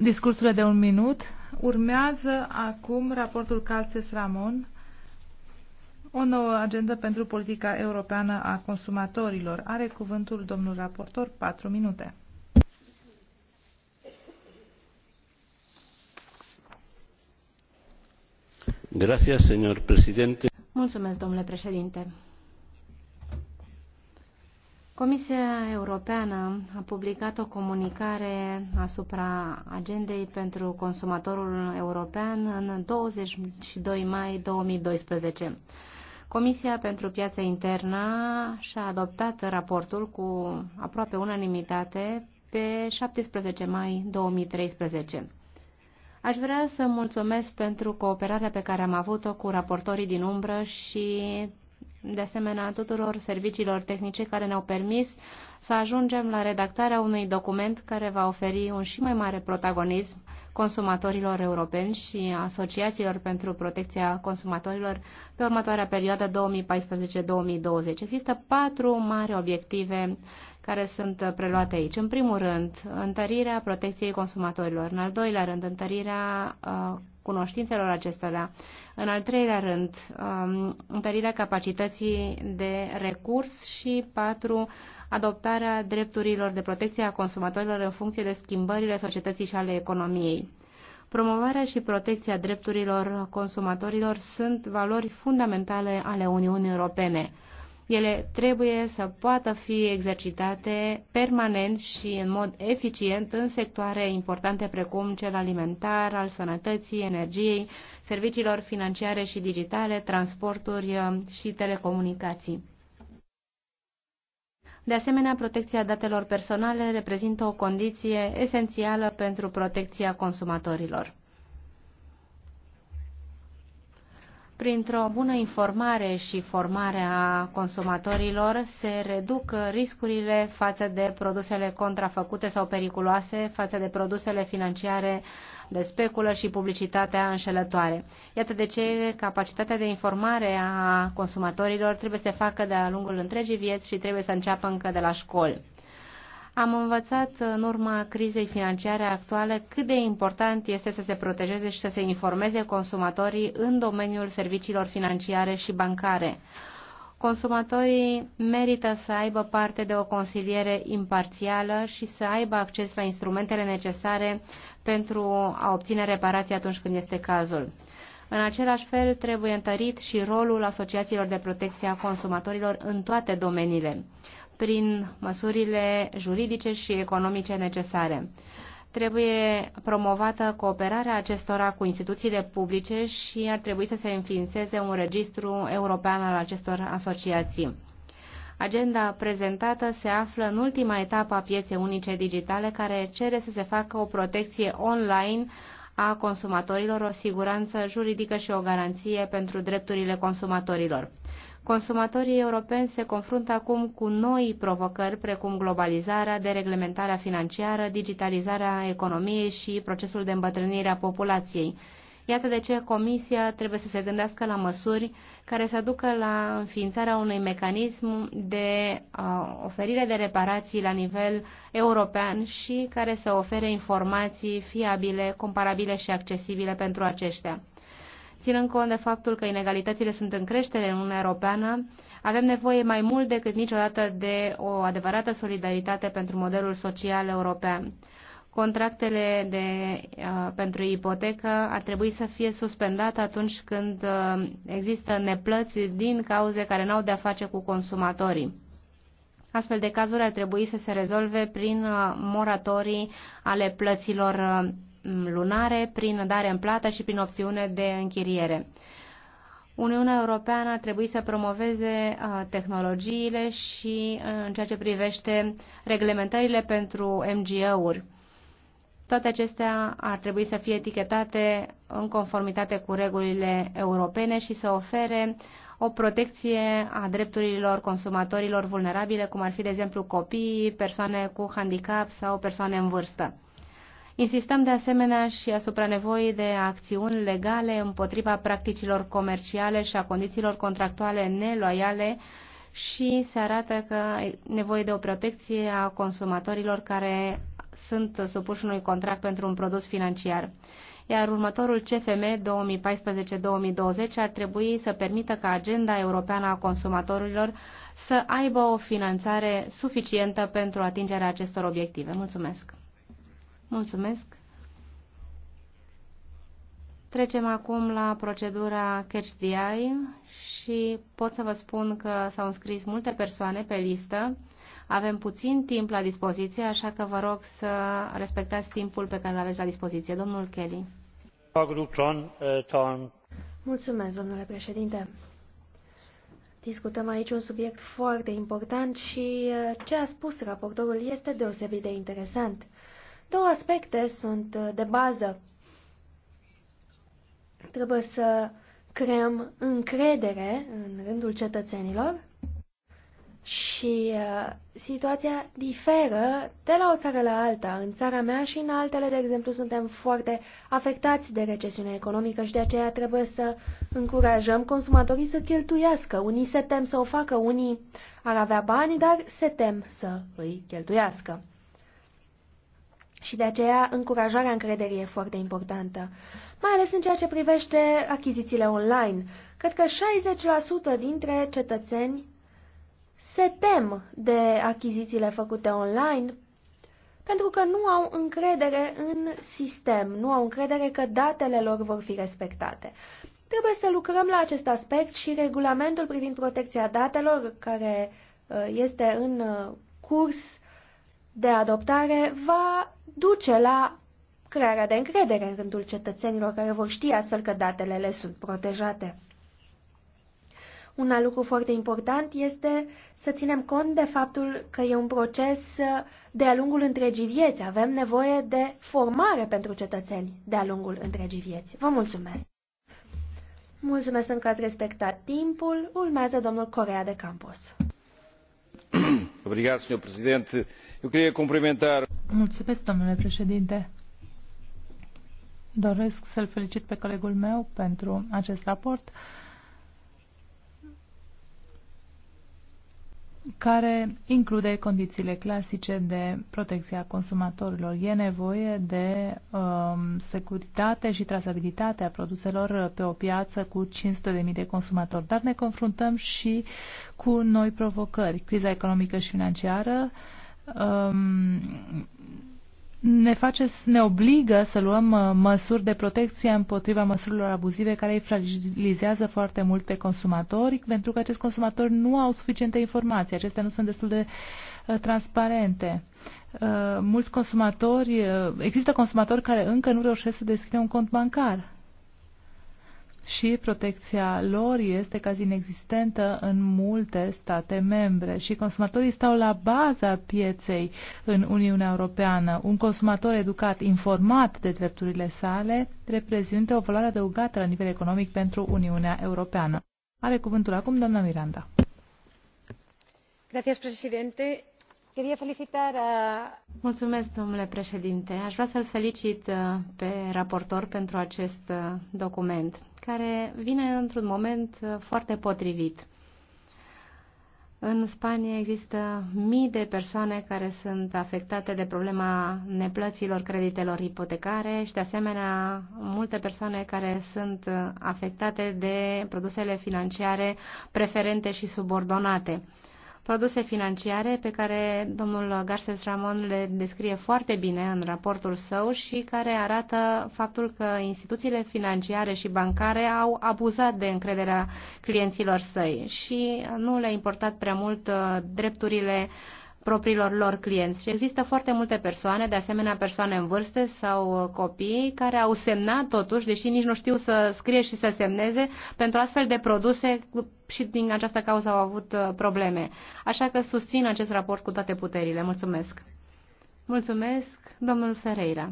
discursurile de un minut. Urmează acum raportul Calces Ramon, o nouă agendă pentru politica europeană a consumatorilor. Are cuvântul domnul raportor, Patru minute. Gracias, señor presidente. Mulțumesc, domnule președinte. Comisia Europeană a publicat o comunicare asupra agendei pentru consumatorul european în 22 mai 2012. Comisia pentru Piața Internă și-a adoptat raportul cu aproape unanimitate pe 17 mai 2013. Aș vrea să mulțumesc pentru cooperarea pe care am avut-o cu raportorii din umbră și de asemenea tuturor serviciilor tehnice care ne-au permis să ajungem la redactarea unui document care va oferi un și mai mare protagonism consumatorilor europeni și asociațiilor pentru protecția consumatorilor pe următoarea perioadă 2014-2020. Există patru mari obiective care sunt uh, preluate aici. În primul rând, întărirea protecției consumatorilor. În al doilea rând, întărirea uh, cunoștințelor acestora. În al treilea rând, um, întărirea capacității de recurs și patru, adoptarea drepturilor de protecție a consumatorilor în funcție de schimbările societății și ale economiei. Promovarea și protecția drepturilor consumatorilor sunt valori fundamentale ale Uniunii Europene. Ele trebuie să poată fi exercitate permanent și în mod eficient în sectoare importante precum cel alimentar, al sănătății, energiei, serviciilor financiare și digitale, transporturi uh, și telecomunicații. De asemenea, protecția datelor personale reprezintă o condiție esențială pentru protecția consumatorilor. Printr-o bună informare și formare a consumatorilor se reduc riscurile față de produsele contrafăcute sau periculoase, față de produsele financiare de speculă și publicitatea înșelătoare. Iată de ce capacitatea de informare a consumatorilor trebuie să facă de-a lungul întregii vieți și trebuie să înceapă încă de la școli. Am învățat în urma crizei financiare actuale cât de important este să se protejeze și să se informeze consumatorii în domeniul serviciilor financiare și bancare. Consumatorii merită să aibă parte de o consiliere imparțială și să aibă acces la instrumentele necesare pentru a obține reparații atunci când este cazul. În același fel, trebuie întărit și rolul asociațiilor de protecție a consumatorilor în toate domeniile prin măsurile juridice și economice necesare. Trebuie promovată cooperarea acestora cu instituțiile publice și ar trebui să se înființeze un registru european al acestor asociații. Agenda prezentată se află în ultima etapă a pieței unice digitale, care cere să se facă o protecție online a consumatorilor, o siguranță juridică și o garanție pentru drepturile consumatorilor. Consumatorii europeni se confruntă acum cu noi provocări, precum globalizarea, dereglementarea financiară, digitalizarea economiei și procesul de îmbătrânire a populației. Iată de ce Comisia trebuie să se gândească la măsuri care să ducă la înființarea unui mecanism de uh, oferire de reparații la nivel european și care să ofere informații fiabile, comparabile și accesibile pentru aceștia. Ținând cont de faptul că inegalitățile sunt în creștere în Uniunea Europeană, avem nevoie mai mult decât niciodată de o adevărată solidaritate pentru modelul social european. Contractele de, uh, pentru ipotecă ar trebui să fie suspendate atunci când uh, există neplăți din cauze care n-au de-a face cu consumatorii. Astfel de cazuri ar trebui să se rezolve prin uh, moratorii ale plăților uh, lunare prin dare în plată și prin opțiune de închiriere. Uniunea Europeană ar trebui să promoveze uh, tehnologiile și uh, în ceea ce privește reglementările pentru MGO-uri. Toate acestea ar trebui să fie etichetate în conformitate cu regulile europene și să ofere o protecție a drepturilor consumatorilor vulnerabile, cum ar fi, de exemplu, copiii, persoane cu handicap sau persoane în vârstă. Insistăm de asemenea și asupra nevoii de acțiuni legale împotriva practicilor comerciale și a condițiilor contractuale neloiale și se arată că e nevoie de o protecție a consumatorilor care sunt supuși unui contract pentru un produs financiar. Iar următorul CFM 2014-2020 ar trebui să permită ca agenda europeană a consumatorilor să aibă o finanțare suficientă pentru atingerea acestor obiective. Mulțumesc! Mulțumesc. Trecem acum la procedura Catch the Eye și pot să vă spun că s-au înscris multe persoane pe listă. Avem puțin timp la dispoziție, așa că vă rog să respectați timpul pe care îl aveți la dispoziție. Domnul Kelly. Mulțumesc, domnule președinte. Discutăm aici un subiect foarte important și eh, ce a spus raportorul este deosebit de interesant. Două aspecte sunt uh, de bază. Trebuie să creăm încredere în rândul cetățenilor și uh, situația diferă de la o țară la alta. În țara mea și în altele, de exemplu, suntem foarte afectați de recesiunea economică și de aceea trebuie să încurajăm consumatorii să cheltuiască. Unii se tem să o facă, unii ar avea bani, dar se tem să îi cheltuiască. Și de aceea încurajarea încrederii e foarte importantă, mai ales în ceea ce privește achizițiile online. Cred că 60% dintre cetățeni se tem de achizițiile făcute online pentru că nu au încredere în sistem, nu au încredere că datele lor vor fi respectate. Trebuie să lucrăm la acest aspect și regulamentul privind protecția datelor, care uh, este în uh, curs, de adoptare va duce la crearea de încredere în rândul cetățenilor care vor ști astfel că datele le sunt protejate. Un alt lucru foarte important este să ținem cont de faptul că e un proces uh, de-a lungul întregii vieți. Avem nevoie de formare pentru cetățeni de-a lungul întregii vieți. Vă mulțumesc! Mulțumesc pentru că ați respectat timpul. Urmează domnul Corea de Campos. Mulțumesc, domnule președinte. Doresc să îl felicit pe colegul meu pentru acest raport. care include condițiile clasice de protecție a consumatorilor. E nevoie de um, securitate și trasabilitate a produselor pe o piață cu 500.000 de consumatori, dar ne confruntăm și cu noi provocări. Criza economică și financiară um, ne face, ne obligă să luăm uh, măsuri de protecție împotriva măsurilor abuzive care îi fragilizează foarte mult pe consumatori, pentru că acești consumatori nu au suficiente informații, acestea nu sunt destul de uh, transparente. Uh, mulți consumatori, există consumatori care încă nu reușesc să deschidă un cont bancar și protecția lor este casi inexistentă în multe state membre și consumatorii stau la baza pieței în Uniunea Europeană. Un consumator educat, informat de drepturile sale, reprezintă o valoare adăugată la nivel economic pentru Uniunea Europeană. Are cuvântul acum doamna Miranda. Gracias, presidente. Mulțumesc, domnule președinte. Aș vrea să-l felicit uh, pe raportor pentru acest uh, document care vine într-un moment uh, foarte potrivit. În Spania există mii de persoane care sunt afectate de problema neplăților creditelor ipotecare și, de asemenea, multe persoane care sunt uh, afectate de produsele financiare preferente și subordonate produse financiare pe care domnul Garces Ramon le descrie foarte bine în raportul său și care arată faptul că instituțiile financiare și bancare au abuzat de încrederea clienților săi și nu le-a importat prea mult uh, drepturile uh, propriilor lor clienți. Și există foarte multe persoane, de asemenea persoane în vârstă sau copii, care au semnat totuși, deși nici nu știu să scrie și să semneze, pentru astfel de produse și din această cauză au avut uh, probleme. Așa că susțin acest raport cu toate puterile. Mulțumesc. Mulțumesc, domnul Ferreira.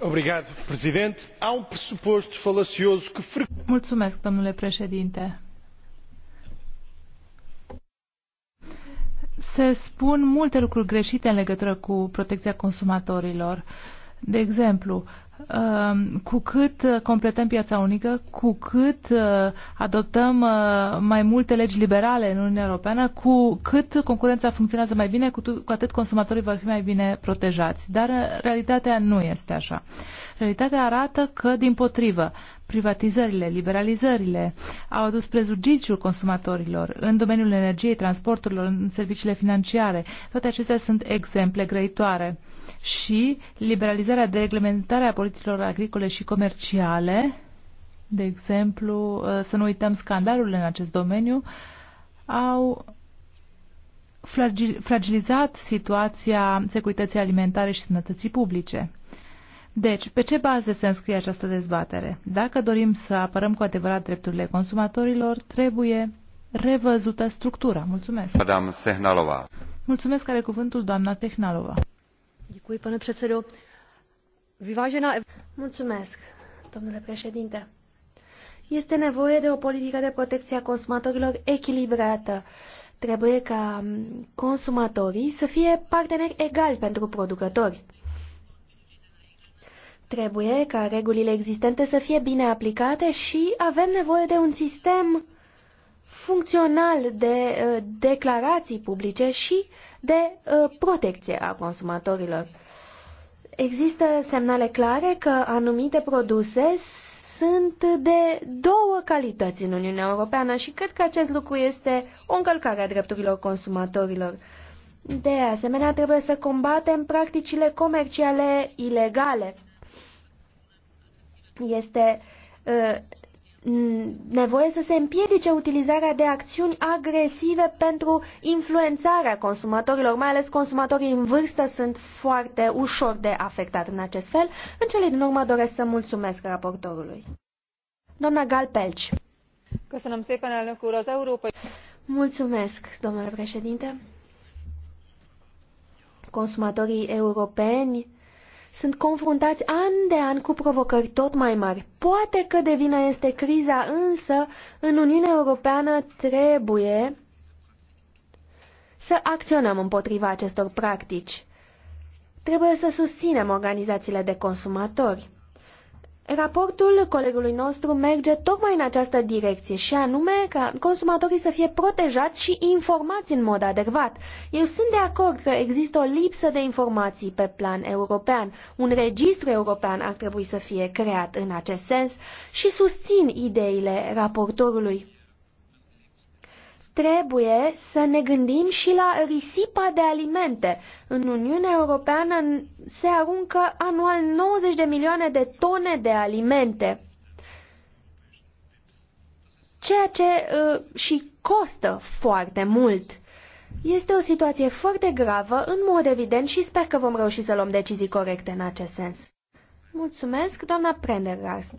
Obrigado, presidente. Há um pressuposto falacioso que... Mulțumesc, domnule președinte se spun multe lucruri greșite în legătură cu protecția consumatorilor. Uh, de exemplu, uh, cu cât uh, completăm piața unică, cu cât uh, adoptăm mai multe legi liberale în Uniunea Europeană, cu cât concurența funcționează mai bine, cu atât consumatorii vor fi mai bine protejați. Dar realitatea nu este așa. Realitatea arată că, din potrivă, privatizările, liberalizările au adus prejudiciul consumatorilor în domeniul energiei, transporturilor, în serviciile financiare. Toate acestea sunt exemple grăitoare și liberalizarea de reglementare a politicilor agricole și comerciale, de exemplu, uh, să nu uităm scandalurile în acest domeniu, au fragilizat situația securității alimentare și sănătății publice. Deci, pe ce bază se înscrie această dezbatere? Dacă dorim să apărăm cu adevărat drepturile consumatorilor, trebuie revăzută structura. Mulțumesc. Madame Sehnalova. Mulțumesc, care cuvântul doamna Tehnalova. Děkuji, pane předsedo. Vyvážená... Mulțumesc, domnule președinte. Este nevoie de o politică de protecție a consumatorilor echilibrată. Trebuie ca consumatorii să fie parteneri egali pentru producători. Trebuie ca regulile existente să fie bine aplicate și avem nevoie de un sistem funcțional de uh, declarații publice și de uh, protecție a consumatorilor. Există semnale clare că anumite produse sunt de două calități în Uniunea Europeană și cred că acest lucru este o încălcare a drepturilor consumatorilor. De asemenea, trebuie să combatem practicile comerciale ilegale. Este uh, Mm, nevoie să se împiedice utilizarea de acțiuni agresive pentru influențarea consumatorilor, mai ales consumatorii în vârstă sunt foarte ușor de afectat în acest fel. În cele din urmă doresc să mulțumesc raportorului. Doamna Gal Pelci. Mulțumesc, domnule președinte. Consumatorii europeni sunt confruntați an de an cu provocări tot mai mari. Poate că de vină este criza, însă în Uniunea Europeană trebuie să acționăm împotriva acestor practici. Trebuie să susținem organizațiile de consumatori. Raportul colegului nostru merge tocmai în această direcție și anume ca consumatorii să fie protejați și informați în mod adecvat. Eu sunt de acord că există o lipsă de informații pe plan european. Un registru european ar trebui să fie creat în acest sens și susțin ideile raportorului trebuie să ne gândim și la risipa de alimente. În Uniunea Europeană se aruncă anual 90 de milioane de tone de alimente, ceea ce uh, și costă foarte mult. Este o situație foarte gravă, în mod evident, și sper că vom reuși să luăm decizii corecte în acest sens. Mulțumesc, doamna Prendergast.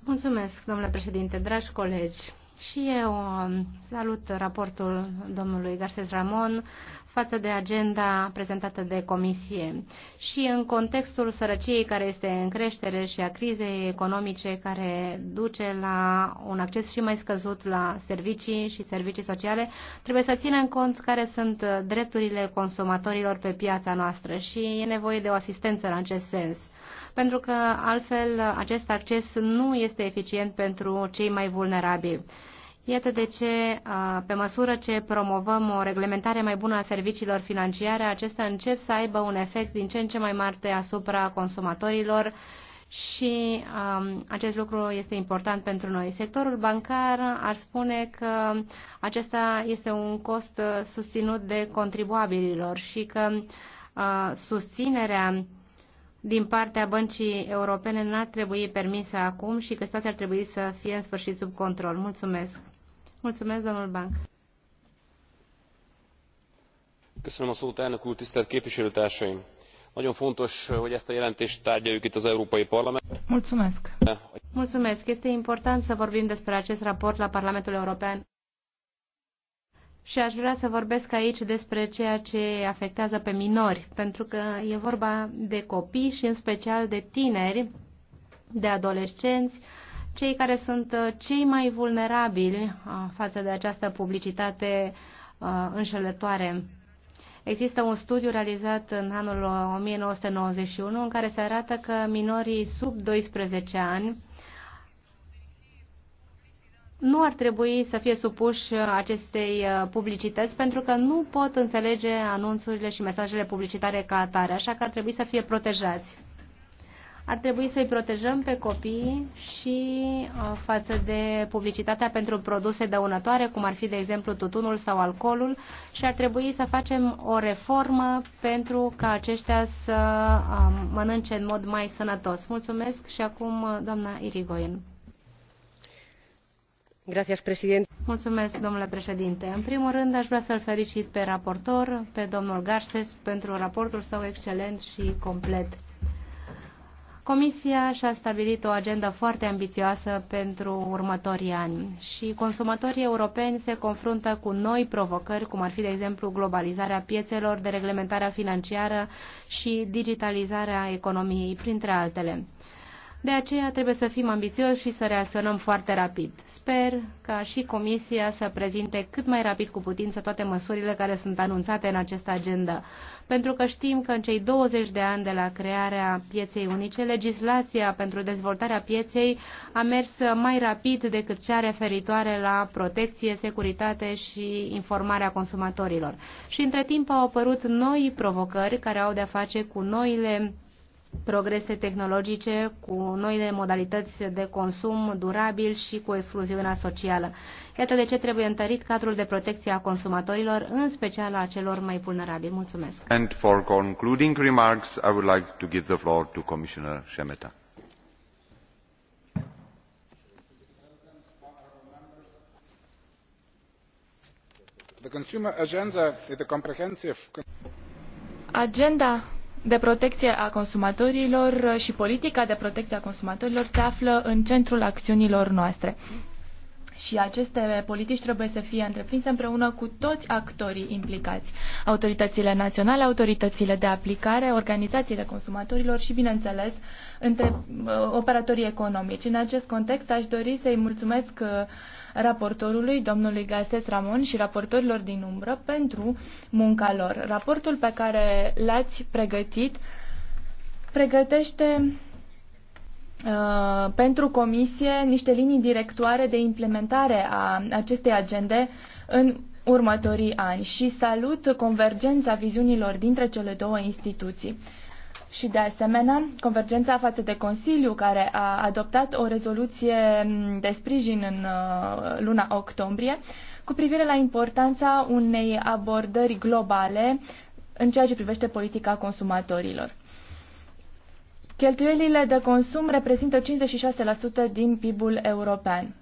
Mulțumesc, domnule președinte, dragi colegi. Și eu um, salut raportul domnului Garces Ramon față de agenda prezentată de comisie. Și în contextul sărăciei care este în creștere și a crizei economice care duce la un acces și mai scăzut la servicii și servicii sociale, trebuie să ținem cont care sunt drepturile consumatorilor pe piața noastră și e nevoie de o asistență în acest sens pentru că altfel acest acces nu este eficient pentru cei mai vulnerabili. Iată de ce, pe măsură ce promovăm o reglementare mai bună a serviciilor financiare, acestea încep să aibă un efect din ce în ce mai mare asupra consumatorilor și um, acest lucru este important pentru noi. Sectorul bancar ar spune că acesta este un cost susținut de contribuabililor și că uh, susținerea din partea băncii europene nu ar trebui permisă acum și că situația ar trebui să fie în sfârșit sub control. Mulțumesc. Mulțumesc, domnul Banc. Köszönöm a szót, elnök úr, tisztelt képviselőtársaim! Nagyon fontos, hogy ezt a jelentést tárgyaljuk itt az Európai Parlament. Mulțumesc. Mulțumesc. Este important să vorbim despre acest raport la Parlamentul European. Și aș vrea să vorbesc aici despre ceea ce afectează pe minori, pentru că e vorba de copii și în special de tineri, de adolescenți, cei care sunt uh, cei mai vulnerabili uh, față de această publicitate uh, înșelătoare. Există un studiu realizat în anul 1991 în care se arată că minorii sub 12 ani nu ar trebui să fie supuși uh, acestei uh, publicități pentru că nu pot înțelege anunțurile și mesajele publicitare ca atare, așa că ar trebui să fie protejați. Ar trebui să-i protejăm pe copii și uh, față de publicitatea pentru produse dăunătoare, cum ar fi, de exemplu, tutunul sau alcoolul, și ar trebui să facem o reformă pentru ca aceștia să mănânce în mod mai sănătos. Mulțumesc și acum doamna Irigoin. Mulțumesc, domnule președinte. În primul rând, aș vrea să-l felicit pe raportor, pe domnul Garces, pentru raportul său excelent și complet. Comisia și-a stabilit o agendă foarte ambițioasă pentru următorii ani și consumatorii europeni se confruntă cu noi provocări, cum ar fi, de exemplu, globalizarea piețelor, dereglementarea financiară și digitalizarea economiei, printre altele. De aceea trebuie să fim ambițioși și să reacționăm foarte rapid. Sper ca și Comisia să prezinte cât mai rapid cu putință toate măsurile care sunt anunțate în această agendă, pentru că știm că în cei 20 de ani de la crearea pieței unice, legislația pentru dezvoltarea pieței a mers mai rapid decât cea referitoare la protecție, securitate și informarea consumatorilor. Și între timp au apărut noi provocări care au de-a face cu noile progrese tehnologice, cu noile modalități de consum durabil și cu excluziunea socială. Iată de ce trebuie întărit cadrul de protecție a consumatorilor, în special a celor mai vulnerabili. Mulțumesc. And for concluding remarks, I would like to give the floor to Commissioner Shemeta. The consumer agenda is a comprehensive Agenda de protecție a consumatorilor și politica de protecție a consumatorilor se află în centrul acțiunilor noastre și aceste politici trebuie să fie întreprinse împreună cu toți actorii implicați, autoritățile naționale, autoritățile de aplicare, organizațiile consumatorilor și, bineînțeles, între uh, operatorii economici. În acest context, aș dori să-i mulțumesc uh, raportorului, domnului Gases Ramon și raportorilor din umbră pentru munca lor. Raportul pe care l-ați pregătit pregătește Uh, pentru Comisie niște linii directoare de implementare a acestei agende în următorii ani și salut convergența viziunilor dintre cele două instituții. Și de asemenea, convergența față de Consiliu, care a adoptat o rezoluție de sprijin în uh, luna octombrie, cu privire la importanța unei abordări globale în ceea ce privește politica consumatorilor. Cheltuielile de consum reprezintă 56% din PIB-ul european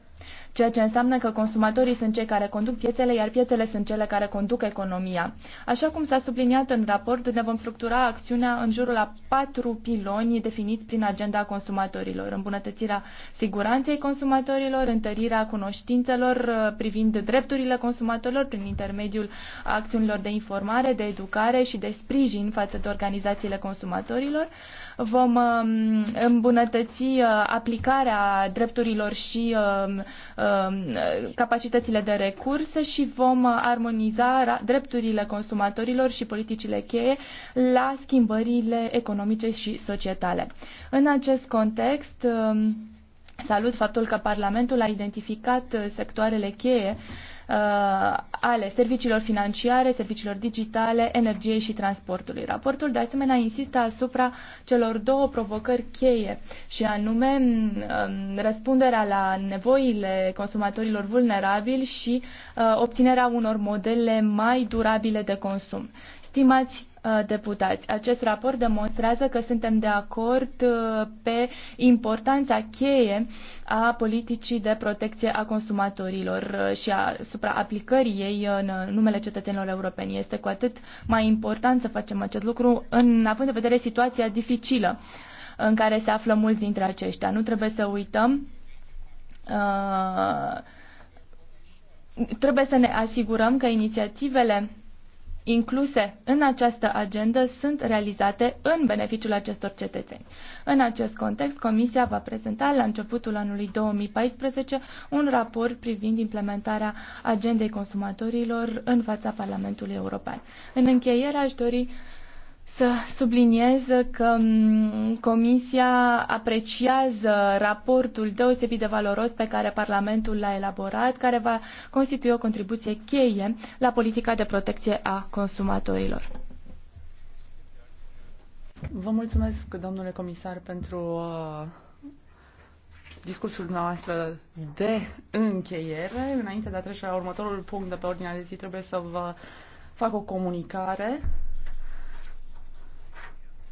ceea ce înseamnă că consumatorii sunt cei care conduc piețele, iar piețele sunt cele care conduc economia. Așa cum s-a subliniat în raport, ne vom structura acțiunea în jurul a patru piloni definiți prin agenda consumatorilor. Îmbunătățirea siguranței consumatorilor, întărirea cunoștințelor uh, privind drepturile consumatorilor prin intermediul acțiunilor de informare, de educare și de sprijin față de organizațiile consumatorilor. Vom um, îmbunătăți uh, aplicarea drepturilor și um, Um, capacitățile de recurse și vom uh, armoniza drepturile consumatorilor și politicile cheie la schimbările economice și societale. În acest context, um, salut faptul că Parlamentul a identificat uh, sectoarele cheie Uh, ale serviciilor financiare, serviciilor digitale, energiei și transportului. Raportul de asemenea insistă asupra celor două provocări cheie și anume mm, mm, răspunderea la nevoile consumatorilor vulnerabili și uh, obținerea unor modele mai durabile de consum. Stimați Uh, deputați. Acest raport demonstrează că suntem de acord uh, pe importanța cheie a politicii de protecție a consumatorilor uh, și asupra aplicării ei în numele cetățenilor europeni. Este cu atât mai important să facem acest lucru în având în vedere situația dificilă în care se află mulți dintre aceștia. Nu trebuie să uităm uh, trebuie să ne asigurăm că inițiativele incluse în această agendă sunt realizate în beneficiul acestor cetățeni. În acest context, Comisia va prezenta la începutul anului 2014 un raport privind implementarea agendei consumatorilor în fața Parlamentului European. În încheiere, aș dori să subliniez că Comisia apreciază raportul deosebit de valoros pe care Parlamentul l-a elaborat, care va constitui o contribuție cheie la politica de protecție a consumatorilor. Vă mulțumesc, domnule comisar, pentru uh, discursul noastră de încheiere. Înainte de a trece la următorul punct de pe ordinea de zi, trebuie să vă fac o comunicare.